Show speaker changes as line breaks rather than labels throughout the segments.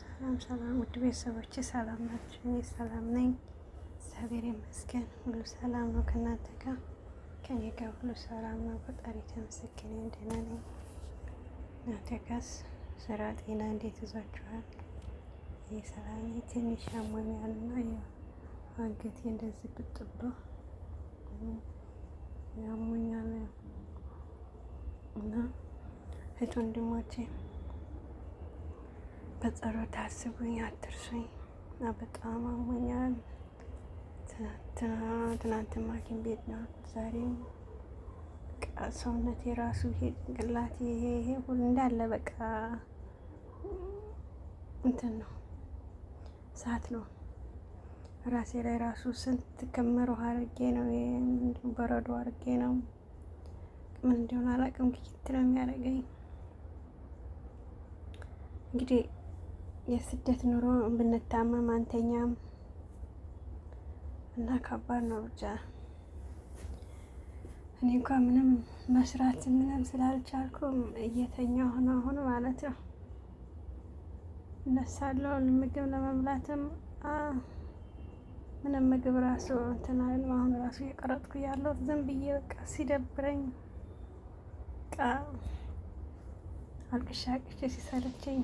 ሰላም ሰላም፣ ውድ ቤተሰቦች ሰላም ናቸው? እኔ ሰላም ነኝ፣ እግዚአብሔር ይመስገን። ሁሉ ሰላም ነው ከእናንተ ጋር ከኔ ጋር ሁሉ ሰላም ነው። ፈጣሪ ተመስገን፣ ደህና ነኝ። እናንተ ጋስ? ስራ፣ ጤና እንዴት ይዟችኋል? እኔ ሰላም ነኝ። ትንሽ አሞኛል እና አንገቴ እንደዚህ ብጥብ ያሞኛል እና እህት ወንድሞቼ በጸሎት አስቡኝ፣ አትርሱኝ። እና በጣም አሞኛል። ትናንትም ሐኪም ቤት ነው። ዛሬም ሰውነት የራሱ ይሄ ጭንቅላት ይሄ ይሄ ሁሉ እንዳለ በቃ እንትን ነው ሰዓት ነው። ራሴ ላይ ራሱ ስንት ክምር ውሃ አድርጌ ነው በረዶ አድርጌ ነው ምን እንዲሆን አላውቅም። ግጭት ነው የሚያደርገኝ እንግዲህ የስደት ኑሮ ብንታመም አንተኛም እና ከባድ ነው። ብቻ እኔ እንኳ ምንም መስራት ምንም ስላልቻልኩም እየተኛ ሆነ አሁን ማለት ነው። እነሳለሁ ምግብ ለመብላትም ምንም ምግብ ራሱ እንትን አይልም። አሁን ራሱ እየቀረጥኩ ያለው ዝም ብዬ በቃ ሲደብረኝ ቃ አልቅሻ ቅሽ ሲሰለቸኝ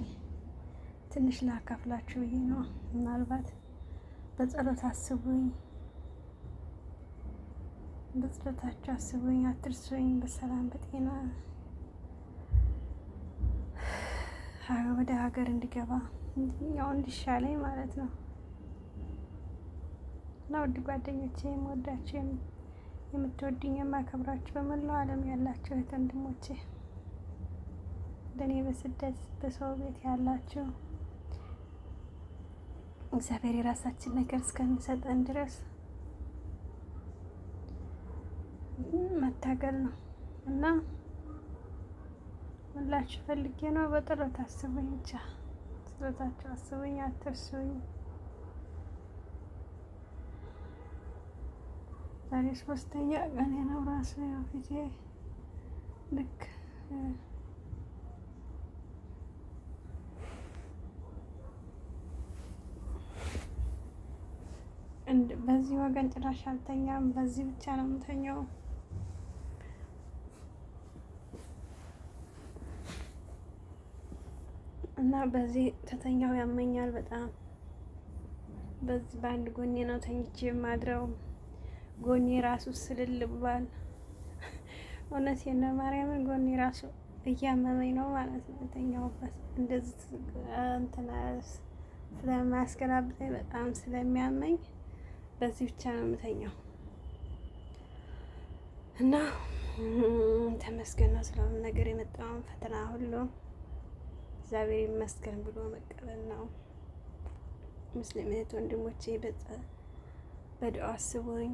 ትንሽ ላካፍላችሁ ብዬ ነው። ምናልባት በጸሎት አስቡኝ፣ በጸሎታችሁ አስቡኝ፣ አትርሱኝ። በሰላም በጤና ወደ ሀገር እንዲገባ ያው እንዲሻለኝ ማለት ነው እና ውድ ጓደኞቼ የምወዳችሁ የምትወድኝ የማከብራችሁ በመላው ዓለም ያላችሁ እህት ወንድሞቼ በእኔ በስደት በሰው ቤት ያላችሁ እግዚአብሔር የራሳችን ነገር እስከሚሰጠን ድረስ መታገል ነው እና ሁላችሁ ፈልጌ ነው። በጥረት አስቡኝ፣ ብቻ ጸሎታችሁ አስቡኝ፣ አትርሱኝ። ዛሬ ሶስተኛ ቀኔ ነው። ራሱ ያው ፊቴ ልክ በዚህ ወገን ጭራሽ አልተኛም። በዚህ ብቻ ነው የምተኛው። እና በዚህ ተተኛው ያመኛል በጣም። በዚህ በአንድ ጎኔ ነው ተኝቼ የማድረው። ጎኔ ራሱ ስልል ብሏል። እውነት የነ ማርያምን፣ ጎኔ ራሱ እያመመኝ ነው ማለት ነው የተኛውበት እንደዚህ እንትን ስለማያስገላብጠኝ በጣም ስለሚያመኝ በዚህ ብቻ ነው የምተኛው እና ተመስገን ነው ስለሆነ ነገር የመጣውን ፈተና ሁሉ እግዚአብሔር ይመስገን ብሎ መቀበል ነው። ሙስሊም እህት ወንድሞቼ በዱዓ አስቡኝ፣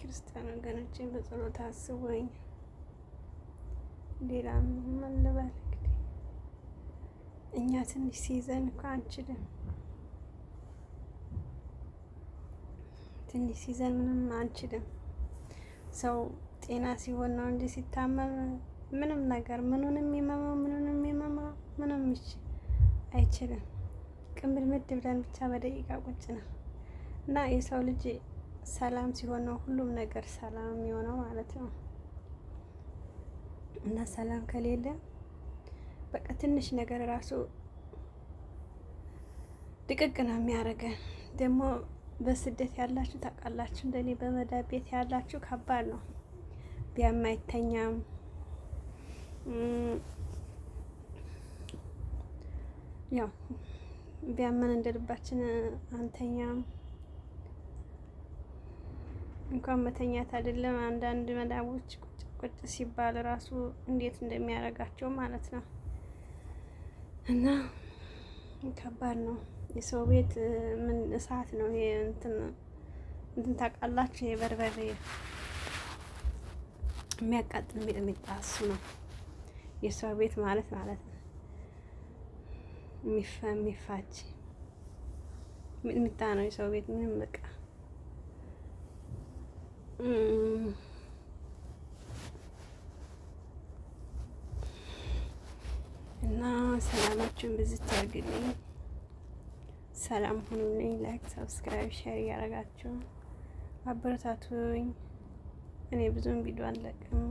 ክርስቲያን ወገኖቼ በጸሎት አስቡኝ። ሌላ ምን ልበል እንግዲህ እኛ ትንሽ ሲይዘን እንኳ አንችልም። ትንሽ ሲዘን ምንም አንችልም። ሰው ጤና ሲሆን ነው እንጂ ሲታመም ምንም ነገር ምኑንም የሚመማው ምኑንም የሚመማ ምንም አይችልም። ምድ ብለን ብቻ በደቂቃ ቁጭ ነው እና የሰው ልጅ ሰላም ሲሆን ነው ሁሉም ነገር ሰላም የሚሆነው ማለት ነው። እና ሰላም ከሌለ በቃ ትንሽ ነገር ራሱ ድቅቅ ነው የሚያደርገን ደግሞ በስደት ያላችሁ ታውቃላችሁ፣ እንደኔ በመዳብ ቤት ያላችሁ ከባድ ነው። ቢያም አይተኛም፣ ያው ቢያመን እንደልባችን አንተኛም። እንኳን መተኛት አይደለም አንዳንድ መዳቦች ቁጭ ቁጭ ሲባል ራሱ እንዴት እንደሚያደርጋቸው ማለት ነው እና ከባድ ነው። የሰው ቤት ምን እሳት ነው ይሄ? እንትን እንትን ታውቃላችሁ፣ የበርበሬ የሚያቃጥል ሚጥሚጣ እሱ ነው የሰው ቤት ማለት ማለት ነው። የሚፋ የሚፋች ሚጥሚጣ ነው የሰው ቤት ምንም በቃ እና ሰላማችሁን ብዝት ያርግልኝ። ሰላም ሁኑልኝ። ላይክ፣ ሰብስክራይብ፣ ሼር እያደረጋችሁ አበረታቱኝ። እኔ ብዙም ቪዲዮ አልለቅም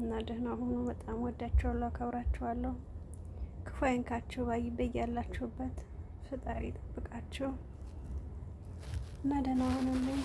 እና ደህና ሁኑ። በጣም ወዳችኋለሁ፣ አከብራችኋለሁ። ክፉ አይንካችሁ። ባይበይ ያላችሁበት ፈጣሪ ይጠብቃችሁ እና ደህና ሁኑልኝ።